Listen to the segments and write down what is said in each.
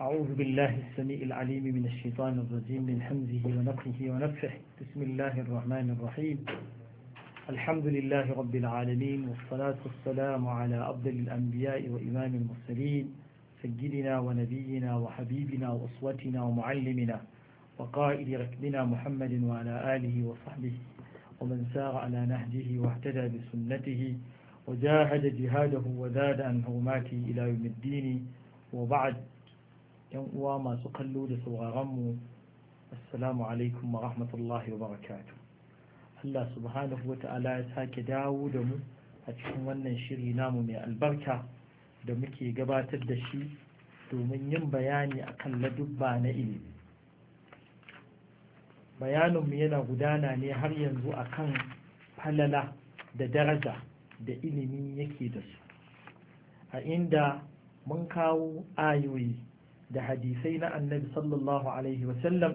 أعوذ بالله السميع العليم من الشيطان الرجيم من حمزه ونقه ونفخه بسم الله الرحمن الرحيم الحمد لله رب العالمين والصلاة والسلام على أفضل الأنبياء وإمام المرسلين سجدنا ونبينا وحبيبنا وأسوتنا ومعلمنا وقائد ركبنا محمد وعلى آله وصحبه ومن سار على نهجه واهتدى بسنته وجاهد جهاده وزاد عن هرماته إلى يوم الدين وبعد yan uwa masu kallo da sauraronmu assalamu alaikum wa rahmatullahi wa barakatu Allah subhanahu wa ta'ala ya sake dawo da mu a cikin wannan shiri namu mai albarka da muke gabatar da shi domin yin bayani akan ladubba na ilimi bayaninmu yana gudana ne har yanzu akan falala da daraja da ilimi yake da su a inda mun kawo ayoyi da hadisai na annabi sallallahu alaihi wasallam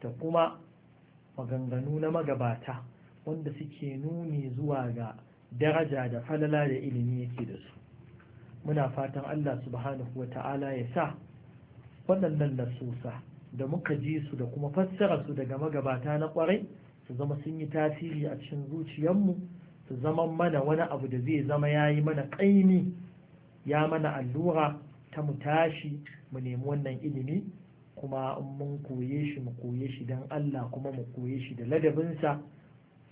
da kuma maganganu na magabata wanda suke nuni zuwa ga daraja da falala da ilimi yake da su muna fatan Allah subhanahu wa ta'ala ya sa waɗannan sa da muka ji su da kuma fassara su daga magabata na ƙwarai su zama sun yi tasiri a cikin mu su zama mana wani abu da zai zama ya yi mana ƙaimi ya mana allura ta mu tashi mu nemi wannan ilimi kuma mun koye shi mu koye shi don Allah kuma mu koye shi da ladabinsa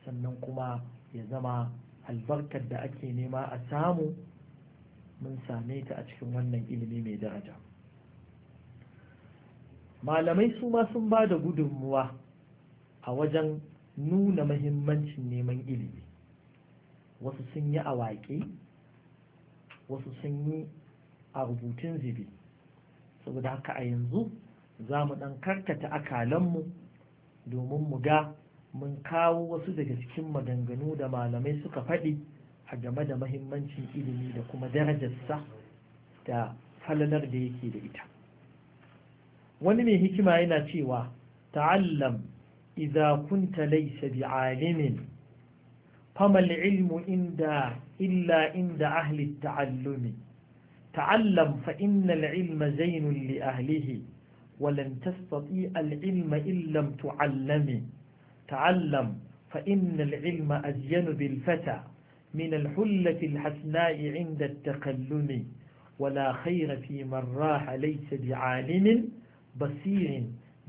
sannan kuma ya zama albarkar da ake nema a samu mun same ta a cikin wannan ilimi mai daraja malamai su ma sun ba da gudunmuwa a wajen nuna mahimmancin neman ilimi wasu sun yi awaƙi wasu sun yi a rubutun zibi saboda haka a yanzu za mu ɗan karkata akalanmu domin mu ga mun kawo wasu daga cikin maganganu da malamai suka faɗi a game da mahimmancin ilimi da kuma darajarsa da falalar da yake da ita wani mai hikima yana cewa ta'allam idza kunta laysa bi'alimin fama ilmu inda illa inda ahli taallumi تعلم فإن العلم زين لأهله ولن تستطيع العلم إن لم تعلم تعلم فإن العلم أزين بالفتى من الحلة الحسناء عند التقلم ولا خير في من راح ليس بعالم بصير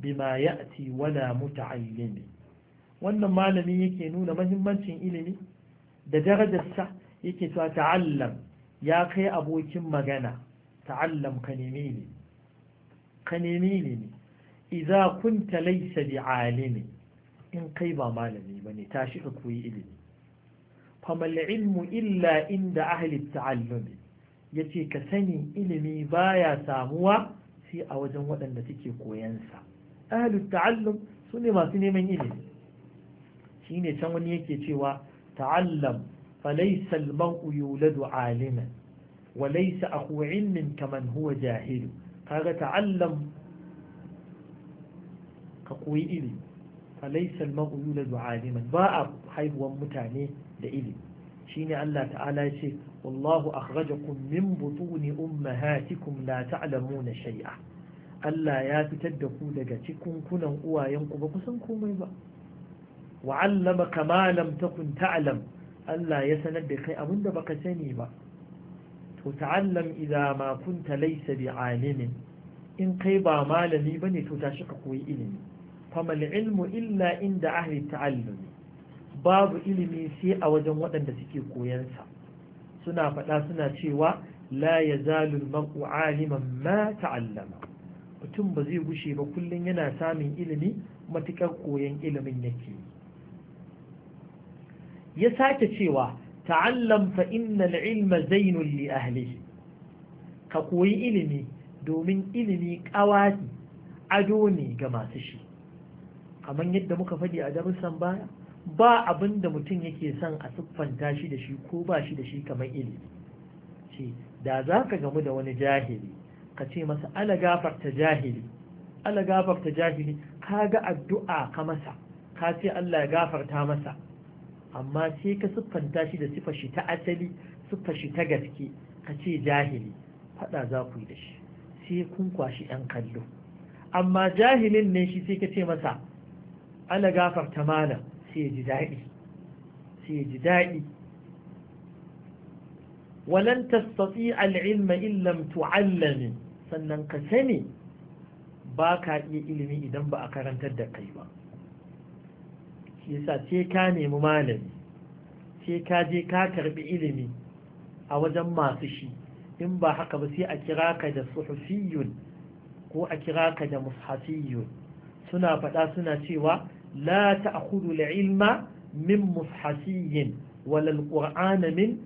بما يأتي ولا متعلم wannan malami yake nuna mahimmancin ilimi da darajarsa yake cewa ta'allam ya kai abokin magana ta'allam ka nemi ne ka nemi ne kun kunta bi alimi in kai ba malami ba ne, tashi ka koyi ilimi famal ilmu illa inda ahli ta'allumi yace ka sani ilimi baya samuwa sai a wajen waɗanda suke koyansa ahli ta'allum sune masu neman ilimi Shi ne can wani yake cewa ta'allam فليس المرء يولد عالما وليس أخو علم كمن هو جاهل قال تعلم كقوي إلي فليس المرء يولد عالما باء حيث ومتعني لإلي شيني الله تعالى شيء والله أخرجكم من بطون أمهاتكم لا تعلمون شيئا Allah ya fitar da ku daga cikin kunan uwayenku ba kusan komai ba wa'allama kama Allah ya sanar da kai abinda baka sani ba to ta'allam idza ma kunta laysa bi'alimin in kai ba malami bane to tashi ka koyi ilimi famal ilmu illa inda ahli ta'allumi babu ilimi sai a wajen waɗanda suke koyan sa suna faɗa suna cewa la yazalu al-mar'u 'aliman ma ta'allama mutum ba zai gushe ba kullun yana samun ilimi matukar koyan ilimin yake yi ya sake cewa ta'allam fa innal ilma zainul li ahlihi ka koyi ilimi domin ilimi ƙawafi ado ne ga masu shi kamar yadda muka faɗi a darussan baya ba abin da mutum yake son a siffanta shi da shi ko ba shi da shi kamar ilimi ce da za ka gamu da wani jahili ka ce masa ala gafarta jahili ala gafarta jahili ka ga addu'a ka masa ka ce Allah ya gafarta masa amma sai ka siffanta shi da siffar shi ta asali siffar shi ta gaske ka ce jahili faɗa za ku yi da shi sai kun kwashi ɗan kallo amma jahilin ne shi sai ka ce masa ana ta mana sai ya ji daɗi sai ya ji daɗi walan tastati al'ilma illam tu'allami sannan ka sani ba ka iya ilimi idan ba a karantar da kai ba yasa sai ka nemi malami sai ka je ka karbi ilimi a wajen masu shi in ba haka ba sai a kira ka da suhufiyun ko a kira ka da mushafiyun suna faɗa suna cewa la ta'khudhu al-ilma min mushafiyin wala qurana min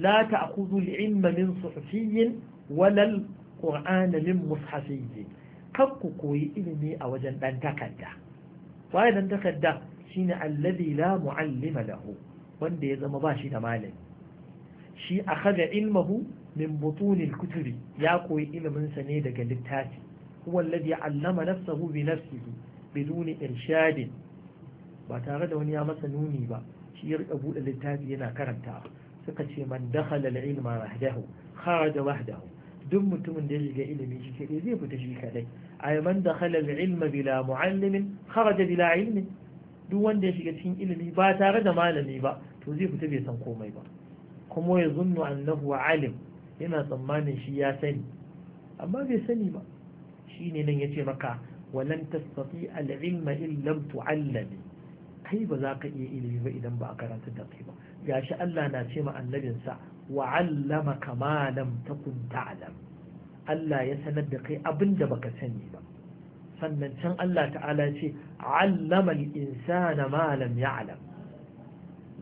la ta'khudhu al-ilma min suhufiyin wala qurana min mushafiyin kakku koyi ilimi a wajen dan takarda waye dan takarda shine alladhi la mu'allima lahu wanda ya zama bashi da malami shi akhadha ilmahu min butunil kutubi ya koyi ilimin sa ne daga littafi huwa alladhi allama nafsahu bi nafsihi bidun irshad ba tare da wani ya masa nuni ba shi ya rika bude littafi yana karanta suka ce man dakhala al-ilma wahdahu kharaja wahdahu duk mutumin da ya shiga ilimi shi kadai zai fita shi kadai ay man dakhala al-ilma bila muallimin kharaja bila ilmin duk wanda ya shiga cikin ilimi ba tare da malami ba to zai fita bai san komai ba kuma ya zunnu annahu alim yana tsammanin shi ya sani amma bai sani ba ne nan ce maka walan tastati al-ilma in lam tu'allami kai ba za ka iya ilimi ba idan ba a karanta da kai ba gashi Allah na ce ma annabinsa wa 'allamaka ma lam takun ta'lam Allah ya sanar da kai abinda baka sani ba sannan can Allah ta'ala ce allama al-insana ma lam ya'lam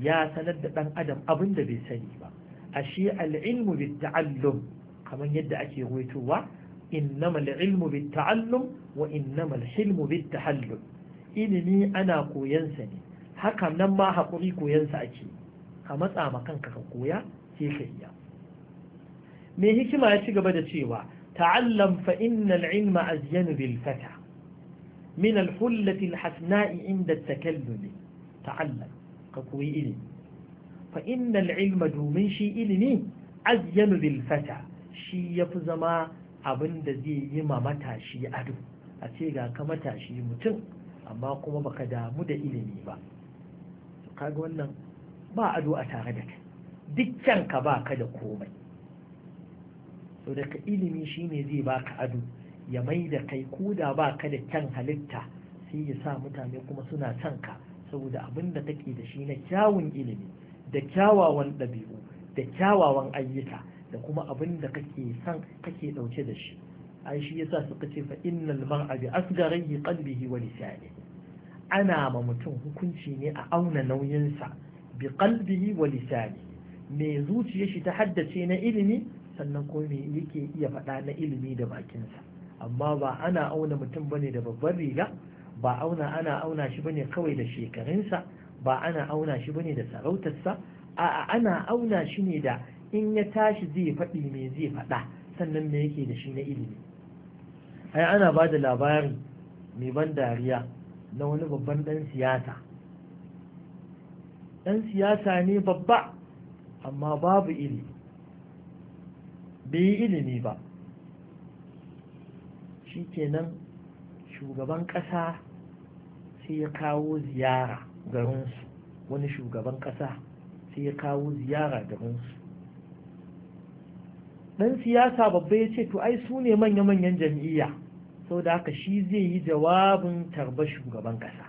ya sanar da dan adam abin da bai sani ba ashe al-ilmu bit-ta'allum kamar yadda ake ruwaitowa innamal ilmu bit-ta'allum wa innamal hilmu bit-tahallum ilimi ana koyan sa ne haka nan ma hakuri koyan sa ake ka matsa ma kanka ka koya sai ka iya me hikima ya ci gaba da cewa ta'allam fa innal ilma azyanu bil fata min al-hullati al-hasna'i inda at-takallumi ta'allam ka koyi ilimi fa innal ilma domin shi ilimi azyanu bil fata shi yafi zama abinda zai yi ma matashi ado a ka matashi mutum amma kuma baka damu da ilimi ba kaga wannan ba ado a tare da kai dukkan ka ba ka da komai so daka ilimi shine zai baka ado ya mai da kai da ba ka da kyan halitta sai ya sa mutane kuma suna son ka saboda abin da take da shi na kyawun ilimi da kyawawan ɗabi'u da kyawawan ayyuka da kuma abin da kake son kake ɗauke da shi an shi yasa suka ce fa innal mar'a bi asgarihi qalbihi wa lisanihi ana ma mutum hukunci ne a auna nauyinsa bi qalbihi wa lisanihi me zuciyar shi ta haddace na ilimi sannan ko me yake iya faɗa na ilimi da bakinsa amma ba ana auna mutum bane da babbar riga ba auna ana auna shi bane kawai da shekarunsa ba ana auna shi bane da sarautarsa a'a ana auna shi ne da in ya tashi zai faɗi me zai faɗa sannan me yake da shi na ilimi ai ana ba da labarin mai ban dariya na wani babban ɗan siyasa ɗan siyasa ne babba amma babu ilimi bai yi ilimi ba shi kenan shugaban ƙasa sai ya kawo ziyara garinsu wani shugaban ƙasa sai ya kawo ziyara garinsu ɗan siyasa babba ya ce to ai su ne manya-manyan jam'iyya sau da haka shi zai yi jawabin tarba shugaban ƙasa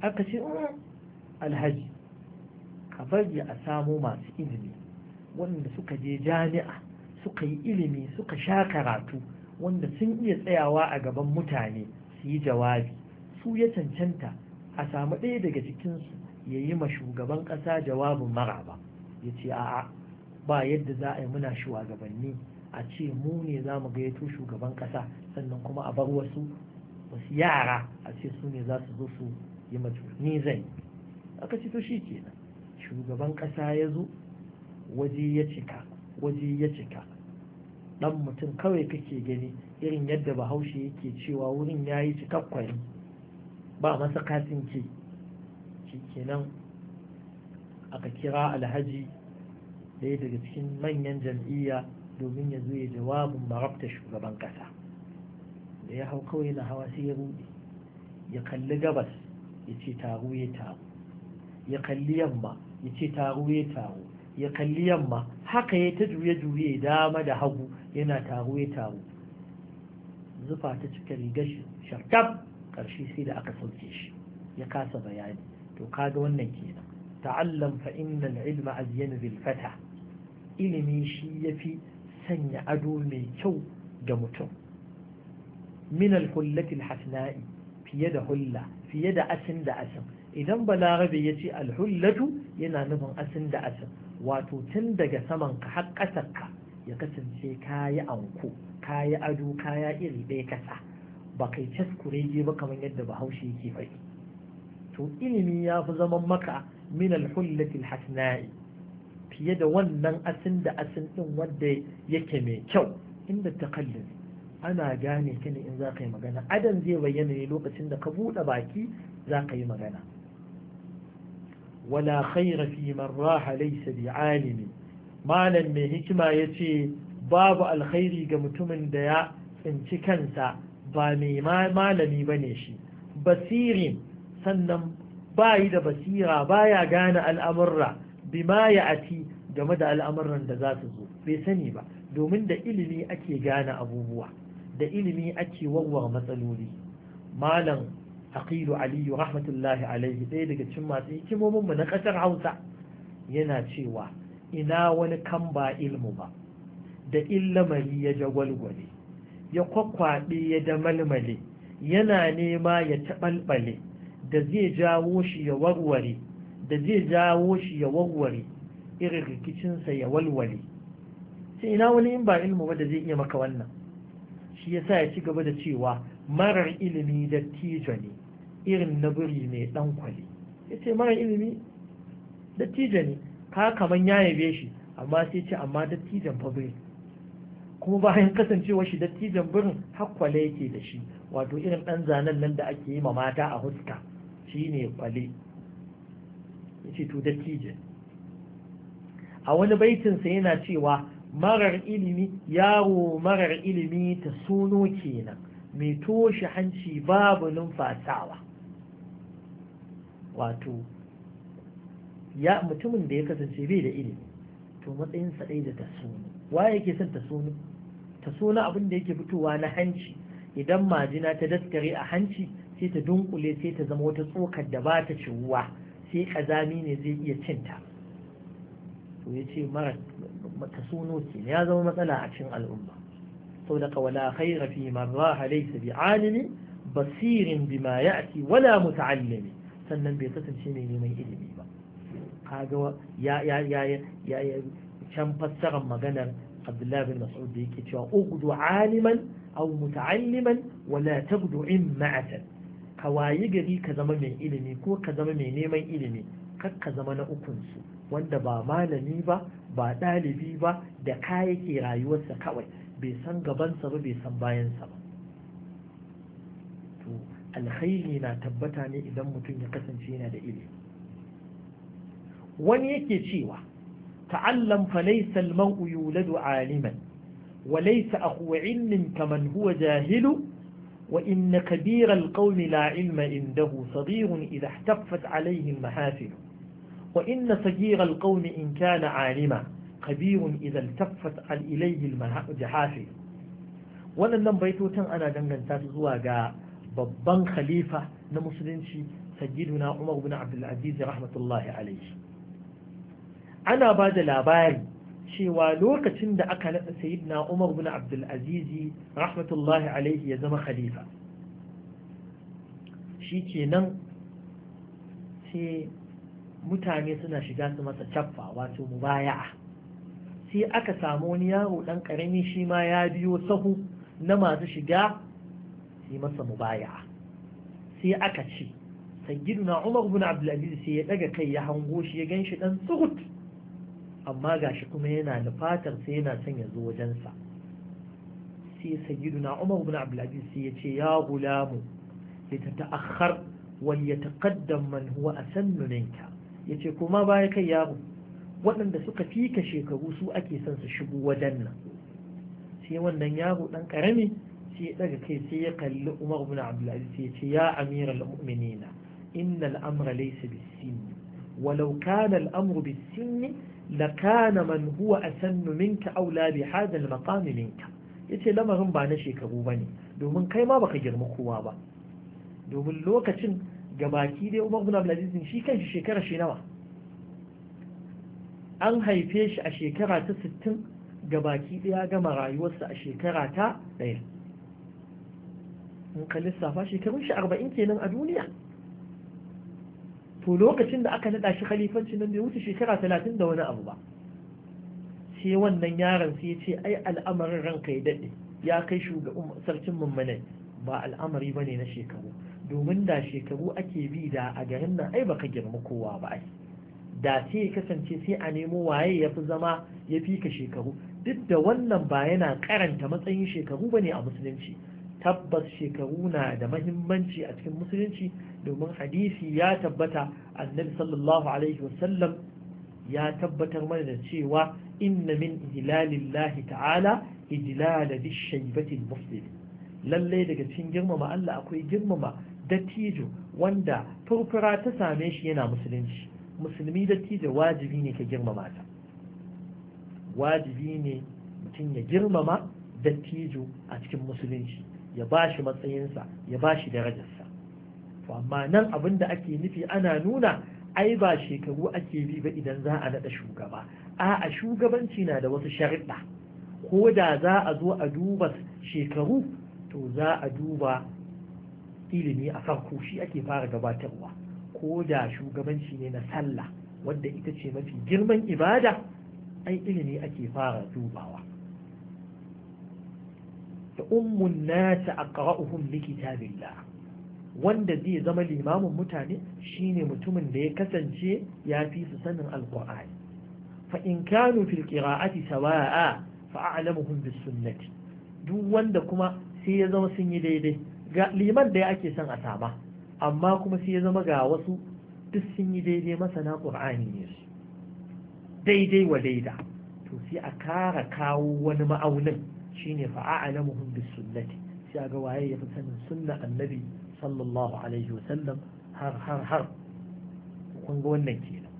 aka ce mm, alhaji ka bari a samo masu ilimi wanda suka je jami'a suka yi ilimi suka sha karatu wanda sun iya tsayawa a gaban mutane su yi jawabi su ya cancanta a samu ɗaya daga cikinsu ya yi ma shugaban ƙasa jawabin maraba ya ce a'a ba yadda za a yi muna shugabanni a ce mu ne za mu gayyato shugaban ƙasa sannan kuma a bar wasu wasu yara a ce su ne za su zo su yi mace ni zai aka ce to shi kenan shugaban ƙasa ya zo waje ya cika waje ya cika dan mutum kawai kake gani irin yadda bahaushe yake cewa wurin ya yi cikakkwari ba masa katin ke kenan aka kira alhaji daya daga cikin manyan jam'iyya domin ya zo ya jawabin marabta shugaban ƙasa. da ya hau kawai na hawa sai ya rudi ya kalli gabas ya ce taro ya taro ya kalli yamma ya ce taro ya taro ya kalli yamma haka ya ta juye juye dama da hagu yana taro ya taro zufa ta cika rigar shi karshe sai da aka sauke shi ya kasa bayani to kaga wannan kenan ta'allam fa innal ilma azyan bil fata ilimi shi yafi sanya ado mai kyau ga mutum min al hullati al hasna'i fiye da hulla fiye da asin da asin idan balarabe ya ce al hullatu yana nufin asin da asin wato tun daga saman ka har ƙasar ka ya kasance kayi anko kayi ado kaya iri ɗaya kasa ba kai caskurege ba kamar yadda bahaushe yake faɗi to ilimi ya fi zaman maka min alhullatil hasna'i fiye da wannan asin da asin din wanda yake mai kyau inda takallin ana gane ka ne in za ka yi magana adan zai bayyana ne lokacin da ka buɗe baki za ka yi magana wala khaira fi man raha laysa bi malam mai hikima ya ce babu alkhairi ga mutumin da ya tsinci kansa ba mai malami ba ne shi basirin sannan bayi da basira baya gane al'amurra bima ya ati game da al'amuran da za su zo bai sani ba domin da ilimi ake gane abubuwa da ilimi ake warware matsaloli malam aqilu aliyu rahmatullahi alaihi ɗaya daga cin masu hikimominmu na ƙasar hausa yana cewa ina wani kan ba ilmu ba da illamari ya jagwalgwale ya kwakwaɓe ya da damalmale yana nema ya taɓalɓale da zai jawo shi ya warware da zai jawo shi ya warware irin rikicinsa ya walwale sai ina wani in ba ilmu ba da zai iya maka wannan shi yasa ya ci gaba da cewa marar ilimi da tijo ne irin na buri mai ɗankwale ya ce marar ilimi da tijo ne ka kaman ya yabe shi amma sai ce amma dattijan fa bai kuma bayan kasancewa shi dattijan birin hakkwale yake da shi wato irin ɗan zanen nan da ake yi ma mata a huska shi ne kwale ya ce to dattijan a wani baitinsa yana cewa marar ilimi yaro marar ilimi ta suno kenan mai toshe hanci babu numfasawa wato ya mutumin da ya kasance bai da ilimi to matsayin sa ɗaya da tasoni wa yake son ta suna abin da yake fitowa na hanci idan majina ta daskare a hanci sai ta dunkule sai ta zama wata tsokar da ba ta ciwuwa sai kazami ne zai iya cinta to ya ce mara suno ke ya zama matsala a cikin al'umma sau da kawala khaira fi marra laysa bi alimi basirin bima ya'ti wala muta'allimi sannan bai kasance mai neman ilimi kaga ya ya ya ya can fassarar maganar Abdullahi bin Mas'ud da yake cewa ugdu aliman aw muta'alliman wa la tagdu imma'atan ka wayi gari ka zama mai ilimi ko ka zama mai neman ilimi kar ka zama na ukun su wanda ba malami ba ba dalibi ba da ka yake rayuwarsa kawai bai san gabansa ba bai san bayansa ba to alkhairi na tabbata ne idan mutum ya kasance yana da ilimi wani yake cewa ta'allam fa laysa al-mar'u yuladu aliman wa laysa akhu ilmin kaman huwa jahilu wa inna kabira al-qawmi la ilma indahu sadirun idha ihtaffat alayhi al-mahafil wa inna sagira al-qawmi in kana alima kabirun idha iltaffat ilayhi al-mahafil waɗannan baitotan ana danganta su zuwa ga babban khalifa na musulunci sayyiduna Umar bin Abdul Aziz rahmatullahi alaihi ana ba da labari cewa lokacin da aka naɗa sayidina umar bin abdulazizi rahmatullahi alaihi ya zama khalifa shi kenan sai mutane suna shiga su masa caffa wato mubaya'a sai aka samu wani yaro ɗan ƙarami shi ma ya biyo sahu na masu shiga su masa mubaya'a sai aka ce sayyiduna umar bin abdulaziz sai ya ɗaga kai ya hango shi ya gan shi ɗan surut. amma gashi kuma yana da fatar sai yana son ya zo wajensa sai sayyiduna Umar ibn Abdul Aziz sai ya ce ya gulamu litata'akhkhar wal yataqaddam man huwa asannu minka yace kuma baya kai yaro waɗanda suka fika shekaru su ake son su shigo wajen nan sai wannan yaro dan karami sai daga kai sai ya kalli Umar ibn Abdul sai ya ce ya amiral mu'minina innal amra laysa bis-sinn walau kana al-amru لكان من هو أسن منك أولى بهذا المقام منك yace lamarin ba na shekaru ba ne domin kai ma baka girma kowa ba domin lokacin gabaki dai umar bin abdulaziz shi shi shekara shi nawa an haife shi a shekara ta 60 gabaki daya gama rayuwarsa a shekara ta ɗaya in ka lissafa shekarun shi 40 kenan a duniya to lokacin da aka naɗa shi khalifanci nan bai wuce shekara talatin da wani abu ba sai wannan yaron sai ya ce ai al'amarin ranka ya daɗe ya kai shugaban um, sarkin mummunai ba al'amari ba ne na shekaru domin da shekaru ake bi da a garin nan ai baka girma kowa ba ai da sai ya kasance sai a nemo waye ya fi zama ya fi ka shekaru duk da wannan ba yana karanta matsayin shekaru ba ne a musulunci tabbas shekaru na da mahimmanci a cikin musulunci domin hadisi ya tabbata annabi sallallahu alaihi wasallam ya tabbatar mana da cewa inna min ijlalillahi ta'ala ijlala bi shaybatil muslim lalle daga cikin girmama Allah akwai girmama dattijo wanda furfura ta same shi yana musulunci musulmi dattijo wajibi ne ka girmama ta wajibi ne mutum ya girmama dattijo a cikin musulunci ya ba shi matsayinsa ya ba shi darajarsa to amma nan abin da ake nufi ana nuna ai ba shekaru ake bi ba idan za a naɗa shugaba a'a shugabanci na da wasu sharuɗa ko da za a zo a duba shekaru to za a duba ilimi a farko shi ake fara gabatarwa ko da shugabanci ne na sallah wadda ita ce mafi girman ibada ai ilimi ake fara dubawa ta ummun nasa a ƙara'uhun likitabillah wanda zai zama limamin mutane shine mutumin da ya kasance ya fi su sanin alƙur'ani fa in kanu fil qira'ati sawa'a fa a'lamuhum bis sunnati duk wanda kuma sai ya zama sun yi daidai ga liman da ake son a sama amma kuma sai ya zama ga wasu duk sun yi daidai masana ƙur'ani ne su daidai wa daida to sai a kara kawo wani ma'aunin shine fa a'lamuhum bis sunnati sai ga waye ya fi sanin sunna annabi sallallahu alaihi wa sallam har har har kun ga wannan kenan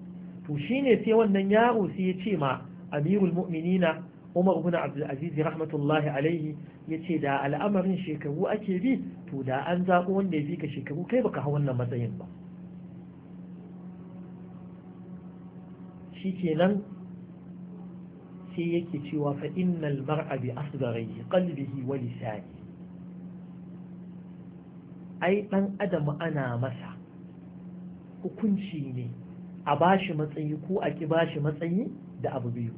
to shine sai wannan yaro sai ya ce ma amirul mu'minina Umar ibn Abdul Aziz rahmatullahi alaihi yace da al'amarin shekaru ake bi to da an zaɓo wanda ya bi ka shekaru kai baka hau wannan matsayin ba shikenan sai yake cewa fa innal mar'a bi asgharihi qalbihi wa lisani ai dan adam ana masa hukunci ne a bashi matsayi ko a ki bashi matsayi da abu biyu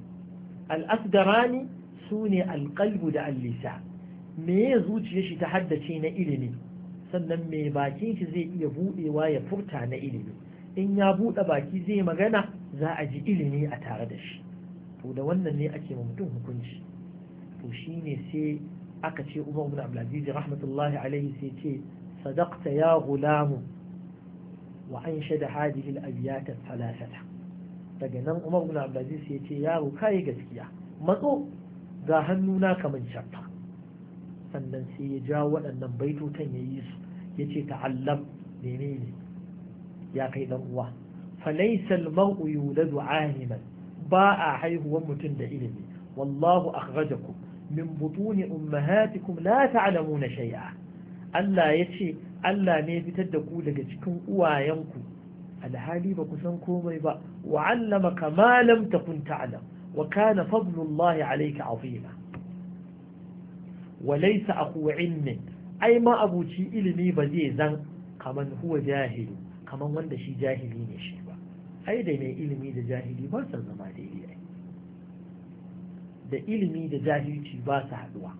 al asgarani sune al qalbu da al lisan me ya zuciya shi ta haddace na ilimi sannan me bakin shi zai iya budewa ya furta na ilimi in ya bude baki zai magana za a ji ilimi a tare da shi to da wannan ne ake ma mutum hukunci to shine sai aka ce Umar ibn Abdulaziz rahmatullahi alaihi sai ce sadaqta ya gulamu wa anshada hadhihi al-abyat al-thalathata daga nan Umar ibn Abdulaziz sai ce yaro kai gaskiya matso ga hannuna kamar shaffa sannan sai ya ja waɗannan baitutan ya yi su ya ce ta'allam menene ya kai dan uwa falaisa al-mar'u yuladu aliman ba a haihuwar mutum da ilimi wallahu akhrajakum min butuni ummahatikum la ta'lamuna shay'a Allah yace Allah ne fitar da ku daga cikin uwayenku alhali ba ku san komai ba wa 'allamaka ma lam takun ta'lam wa kana fadlullahi 'alayka 'azima wa laysa akhu 'ilmin ai ma abuci ilimi ba zai zan kaman huwa jahili kaman wanda shi jahili ne shi ai da mai ilimi da jahili ba su zama daidai da ilimi da jahilci ba su haduwa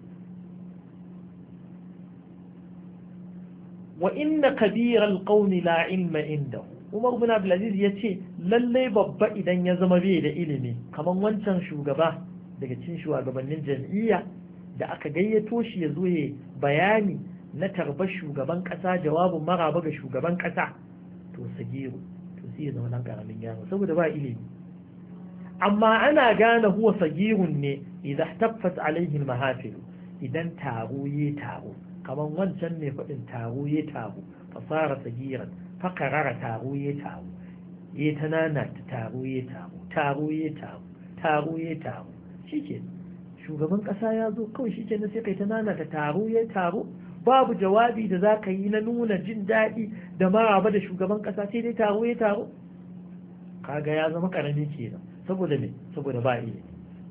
wa inna kabiral qaumi la ilma inda Umar bin Abdulaziz ya ce lallai babba idan ya zama bai da ilimi kamar wancan shugaba daga cikin shugabannin jam'iyya da aka gayyato shi ya zo ya bayani na tarbar shugaban kasa jawabin maraba ga shugaban kasa to sagiru sai ya zama ɗan ƙaramin yaro saboda ba ilimi amma ana gane huwa sagirun ne idan tabbas alaihin mahafilu idan taro ya taro kamar wancan mai faɗin taro ya taro fasara sagiran fakarara taro ya taro ya tanana taro ya taro taro ya taro taro ya taro shi ke shugaban ƙasa ya zo kawai shi ke na sai kai tanana ta taro ya taro babu jawabi da za ka yi na nuna jin daɗi da maraba da shugaban ƙasa sai dai taro ya taro kaga ya zama ƙarami kenan saboda me saboda ba iya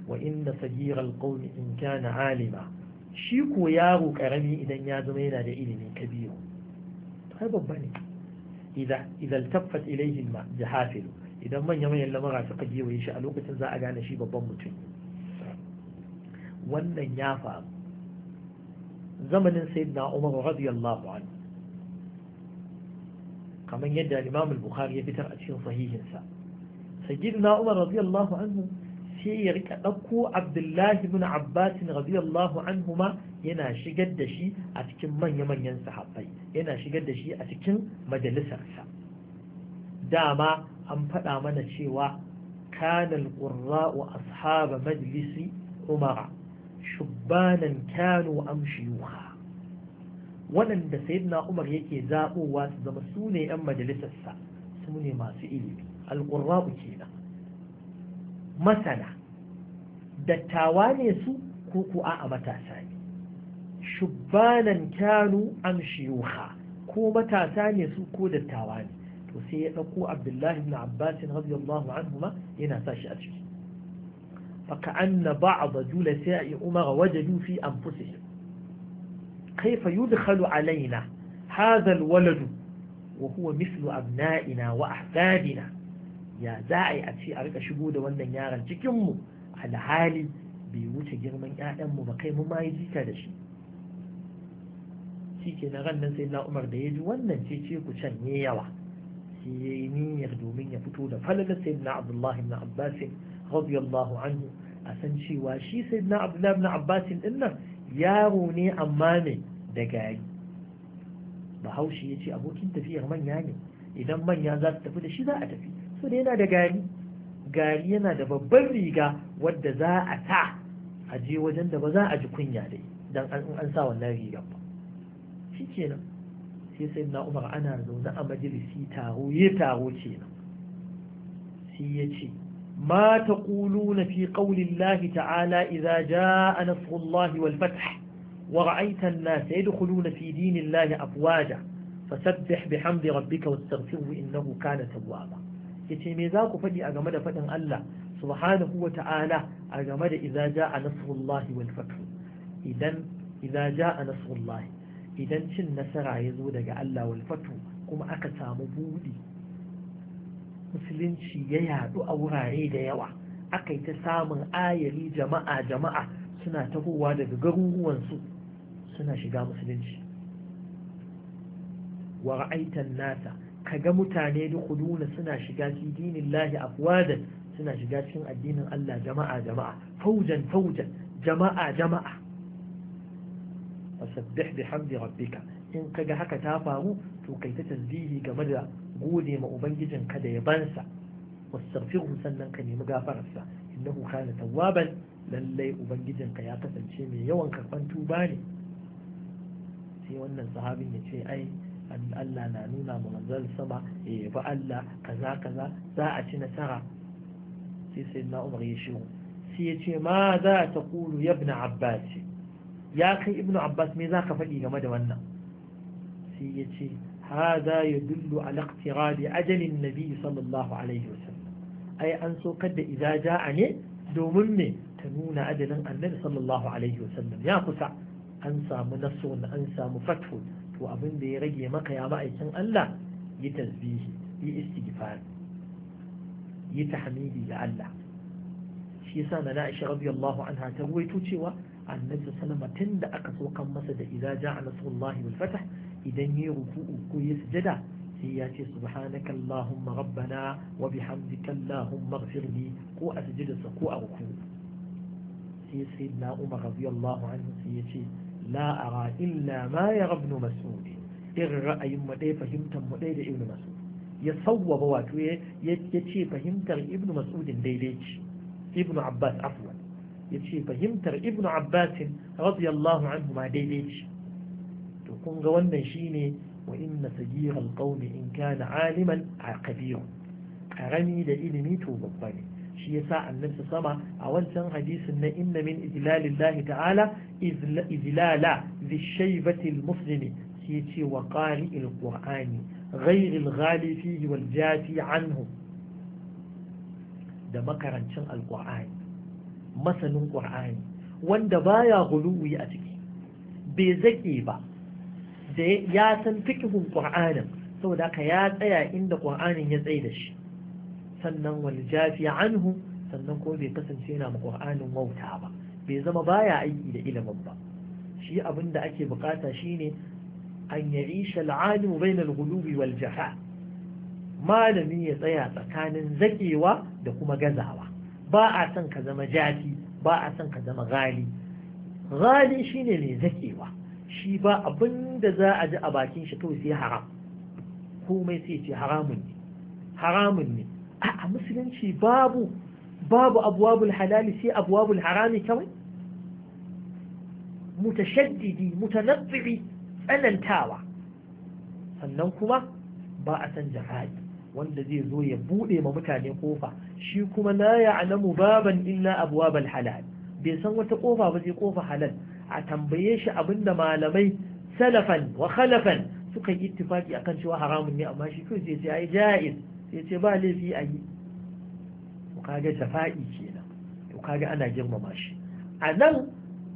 wa inda sagiral qaumi in kana alima shi ko yaro ƙarami idan ya zama yana da ilimi kabiru har babba ne idan idan ilaihi jahafilu idan manya manyan lamura suka gewaye shi a lokacin za a gane shi babban mutum wannan ya faru zamanin sayyidina Umar radiyallahu anhu kamar yadda Imam al-Bukhari ya fitar a cikin sahihinsa sayyidina Umar radiyallahu anhu sai ya rika ɗauko Abdullahi ibn Abbas radiyallahu ma yana shigar da shi a cikin manya-manyan sahabbai yana shigar da shi a cikin majalisarsa dama an faɗa mana cewa kanal qurra'u ashaba majlisi umara shubbanan kyano amshiyuha waɗanda sayyidina umar yake zaɓowa su zama su ne 'yan majalisarsa su ne masu ilimi alƙurra'u kenan masana dattawa ne su ko ku'a a matasa ne shubbanan kyanu amshiyuha ko matasa ne su ko dattawa ne to sai ya ɗauko abdullahi ibn abbasin radiyallahu anhu ma yana sa shi a ciki فكأن بعض جلساء عمر وجدوا في أنفسهم كيف يدخل علينا هذا الولد وهو مثل أبنائنا وأحفادنا يا زاعي أتي أرك شبود ولن يارا جكمه على حالي بيوت جرمان يأم بقيم ما يزيك هذا شيء shi ke na ranar sai na umar da ya ji wannan ce ce ku can yawa sai ya yi niyyar domin ya fito da falalar sai na abdullahi na abbasin radiyallahu anhu a san cewa shi sayyidina abdullahi ibn abbas din yaro ne amma ne da gari bahaushe ya ce abokin tafiyar manya ne idan manya za su tafi da shi za tafi so da yana da gari gari yana da babban riga wadda za a ta a je wajen da ba za a ji kunya dai dan an sa wannan rigar ba shi kenan sai sai na umar ana zaune a majalisi taro ya taro kenan sai ya ce ما تقولون في قول الله تعالى إذا جاء نصر الله والفتح ورأيت الناس يدخلون في دين الله أفواجا فسبح بحمد ربك واستغفره إنه كان توابا yace me za ku faɗi a game da faɗin Allah subhanahu wa ta'ala a game da idza ja'a nasrullahi wal fath idan idza ja'a nasrullahi idan cin nasara ya zo daga Allah wal fath kuma aka samu budi musulunci ya yadu a wurare da yawa aka yi ta samun ayari jama'a jama'a suna tahowa daga garuruwansu suna shiga musulunci wa ra'aitan nasa kaga mutane da kuduna suna shiga cikin dinin lahi afwadan suna shiga cikin addinin Allah jama'a jama'a faujan faujan jama'a jama'a wasabbih bihamdi rabbika in kaga haka ta faru to kai ta tasbihi game da gode ma ubangijin ka da yabansa wastaghfirhu sannan ka nemi gafararsa innahu kana tawwaban lallai ubangijin ka ya kasance mai yawan karban tuba ne sai wannan sahabin ya ce ai Allah na nuna mu manzon sama ya eh, yabi Allah kaza kaza za a ci nasara sai sayyidina Umar ya shiru sai ya ce ma za ta kulu ya ibn Abbas ya kai ibn Abbas me za ka faɗi game da wannan sai ya ce هذا يدل على اقتراب أجل النبي صلى الله عليه وسلم أي أن سوكد إذا جاءني دومني تنون أجل النبي صلى الله عليه وسلم يا قسع أنسى منصون أنسى مفتح وأبن دي رجي مقيا مأيسن الله يتزبيه يستغفار يتحميدي لله shi yasa na Aisha radiyallahu anha ta ruwaito cewa annabi sallama tunda aka so kan masa da idza ja'a nasrullahi wal fath idan ya ruku'u ko ya sujada sai ya ce subhanaka allahumma rabbana wa bihamdika allahumma ighfirli ko a sujadarsa ko a ruku'u sai sai na umar radiyallahu anhu sai ya ce la ara illa ma ya rabnu mas'ud irin ra'ayin mu dai fahimtar mu dai da ibnu mas'ud ya sawwaba wato ya ce fahimtar ibnu mas'udin daidai ce ibnu abbas afwan ya ce fahimtar ibnu abbasin radiyallahu anhu ma daidai ce to kun ga wannan shine wa inna sagira alqawli in kana aliman kabiru karami da ilimi to babba ne shi yasa annabi sama a wancan hadisin na inna min lahi ta'ala izlala zishaybati muslini sai ya ce wa qari'il qur'ani ghayril ghali fihi wal jafi anhu da makarancin Alƙur'ani masanin ƙur'ani wanda baya gulu'i a ciki bai zake ba da ya san fikihun qur'anin saboda ka ya tsaya inda qur'anin ya tsaye da shi sannan wal jafi anhu sannan ko bai kasance yana ma qur'anin wauta ba bai zama baya aiki da ilimin ba shi abin da ake bukata shine an ya'isha al'alimu bainal ghulubi wal jaha malami ya tsaya tsakanin zakewa da kuma gazawa ba a son ka zama jafi ba a son ka zama gali gali shine mai zakewa shi ba abinda za a ji a bakin shi kawai sai haram komai sai ce haramun ne haramun ne a musulunci babu babu abwabul halali sai abwabul harami kawai mutashaddidi mutanazzibi tsanantawa sannan kuma ba a san jihadi wanda zai zo ya bude ma mutane kofa shi kuma la ya'lamu baban illa abwabal halal bai san wata kofa ba sai kofa halal a tambaye shi abinda malamai salafan wa khalafan suka yi ittifaki akan cewa haramun ne amma shi kai sai ai jaiz sai ce ba laifi a yi to kage safai kenan to kage ana girmama shi a nan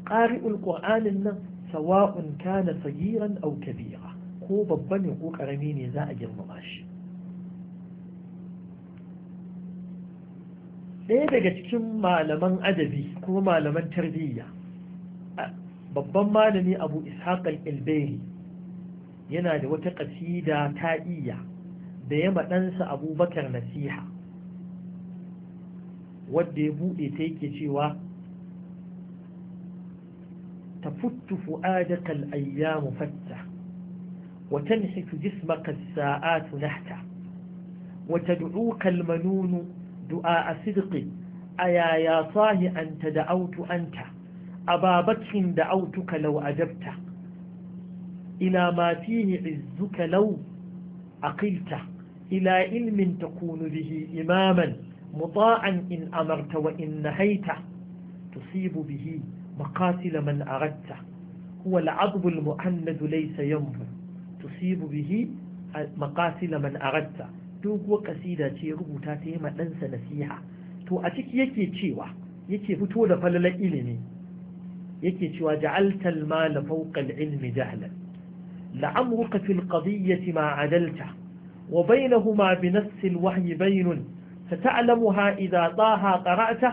qari'ul qur'anin nan sawa'un kana sagiran aw kabira ko babba ne ko karami ne za a girmama shi ɗaya daga cikin malaman adabi kuma malaman tarbiyya babban malami abu ishaqal ilbeni yana da wata ƙasida ta iya da ya maɗansa abubakar nasiha wadda ya buɗe ta yake cewa ta futu fu'adakal ayyamu fatta watan hiku jismaka sa'atu nahta wata du'u kalmanunu du'a a sidiki a yaya sahi da autu an ta ababatin da autuka lau ajabta ila ma fihi izzuka lau aqilta ila ilmin takunu bihi imaman muta'an in amarta wa in nahaita tusibu bihi مقاتل من أردته هو العضب المؤند ليس ينفر تصيب به مقاتل من أردته duk wa kasida ce rubuta ta yi ɗansa nasiha to a ciki yake cewa yake fito da falalar ilimi يكي وجعلت المال فوق العلم جهلا لعمرك في القضية ما عدلته وبينهما بنفس الوحي بين فتعلمها إذا طاها قرأته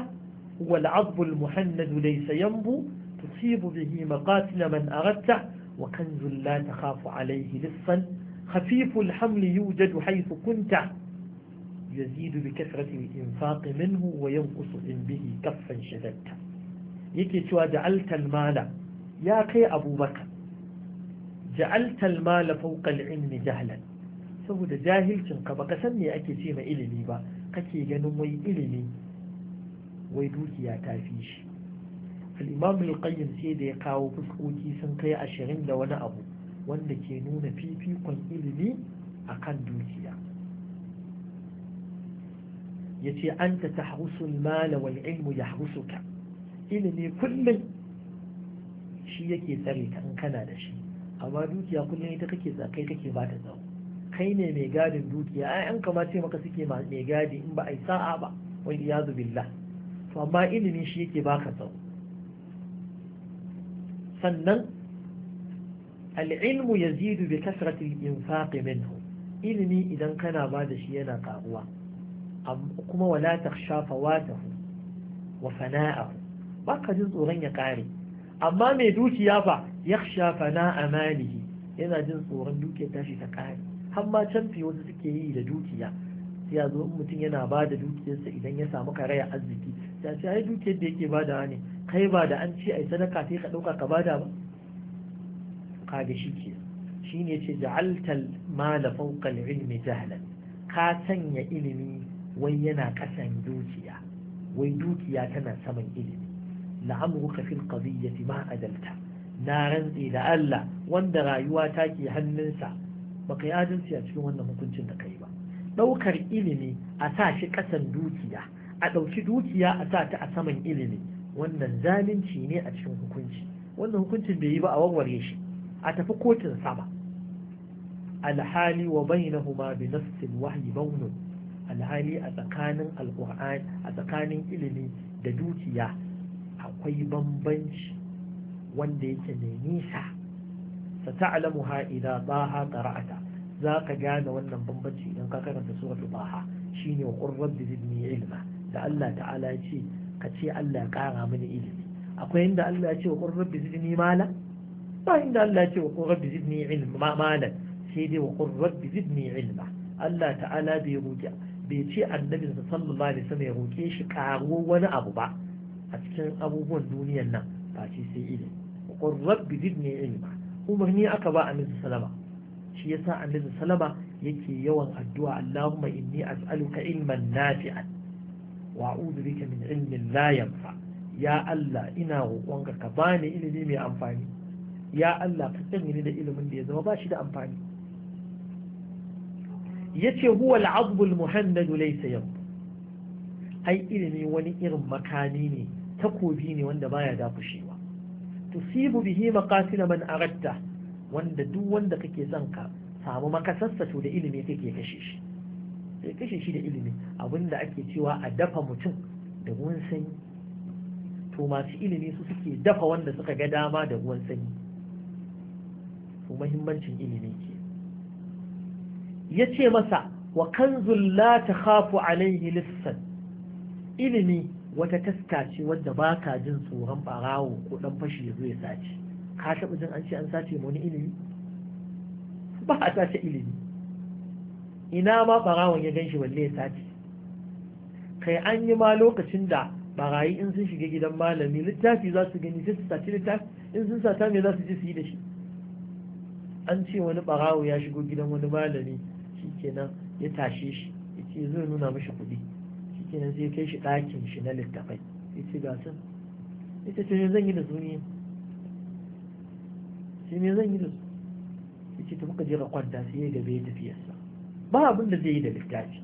هو العضب المحند ليس ينبو تصيب به مقاتل من أردته وكنز لا تخاف عليه لصا خفيف الحمل يوجد حيث كنت يزيد بكثرة الإنفاق منه وينقص إن به كفا شددته yake cewa ja'altal mala ya kai abubakar ja'altal mala fawqa al-ilmi jahlan saboda jahilcin ka baka san me ake ce ma ilimi ba kake ganin wai ilimi wai dukiya ta fi shi al-imam al-qayyim sai da ya kawo fuskoki sun kai ashirin da wani abu wanda ke nuna fifikon ilimi akan dukiya yace anta tahrusul mala wal ilmu ka. ilimi kullum shi yake tsare ka in kana da shi amma dukiya kullum ita kake kai kake ba ta tsawo kai ne mai gadin dukiya ai an kama ce maka suke mai gadi in ba a yi sa'a ba wani ya billah to amma ilimi shi yake baka tsawo sannan al'ilmu ya zidu bi kasratil infaqi minhu ilimi idan kana ba da shi yana karuwa kuma wala takhsha fawatahu wa fana'ahu ba jin tsoron ya kare amma mai dukiya fa ya shafa na amalihi yana jin tsoron dukiyar tashi ta kare har ma canfi wasu suke yi da dukiya sai ya zo mutum yana ba da dukiyarsa idan ya samu karaya arziki ya ce ai dukiyar da yake ba bada ne kai ba da an ce ai sadaka sai ka ɗauka ka da ba kage shi ke shi ne ce ja'altal mala fawqa ilmi jahlan ka sanya ilimi wai yana kasan dukiya wai dukiya tana saman ilimi la'amruka fil qadiyyati ma adalta na rantse da Allah wanda rayuwa ta ke hannunsa baka yi adalci a cikin wannan hukuncin da kai ba ɗaukar ilimi a sa shi ƙasan dukiya a ɗauki dukiya a sa ta a saman ilimi wannan zalunci ne a cikin hukunci wannan hukuncin bai yi ba a warware shi a tafi kotun sama alhali wa bainahuma bi nafsil wahyi baunun alhali a tsakanin alqur'ani a tsakanin ilimi da dukiya akwai bambanci wanda yake mai nisa ha idza baha qara'ata za ka gane wannan bambanci idan ka karanta suratu baha shine wa qur rabbi zidni ilma da Allah ta'ala ya ce ka ce Allah ya kara mini ilimi akwai inda Allah ya ce wa qur rabbi zidni mala ba inda Allah ya ce wa qur rabbi zidni ilma mala sai dai wa qur rabbi zidni ilma Allah ta'ala bai roƙi bai ce annabi sallallahu alaihi wasallam ya roƙe shi karuwar wani abu ba a cikin abubuwan duniyar nan face sai ilimi qur rabbi zidni ilma umarni aka ba annabi salama shi yasa annabi salama yake yawan addu'a Allahumma inni as'aluka ilman nafi'an wa a'udhu bika min ilmin la yanfa ya Allah ina roƙonka ka bani ilimi mai amfani ya Allah ka tsare ni da ilimin da ya zama ba shi da amfani yace huwa al-'azbu al-muhannad laysa yab ai ilimi wani irin makani ne takobi ne wanda baya dafushewa tusibu bihi maqatil man aratta wanda duk wanda kake son ka samu makasarsa to da ilimi kake kashe shi sai kashe shi da ilimi abinda ake cewa a dafa mutum da ruwan sanyi to masu ilimi su suke dafa wanda suka ga dama da ruwan sanyi to muhimmancin ilimi ke ya ce masa wa kanzul la ta khafu alaihi lissan ilimi wata taska ce wadda ba ka jin tsoron barawo ko dan fashi ya zo ya sace ka taɓa jin an ce an sace wani ilimi ba a sace ilimi ina ma barawon ya ganshi balle ya sace kai an yi ma lokacin da barayi in sun shiga gidan malami littafi za su gani sai su sace littafi in sun sata me za su je su yi da shi an ce wani barawo ya shigo gidan wani malami shikenan ya tashe shi ya ce ya nuna mashi kuɗi kenan sai kai shi ɗakin shi na littafai ya ce ga sun ita ce zan yi da su ne sai me zan yi da su ya ce ta muka je ka kwanta sai ya gaba ya tafiyarsa ba abin da zai yi da littafi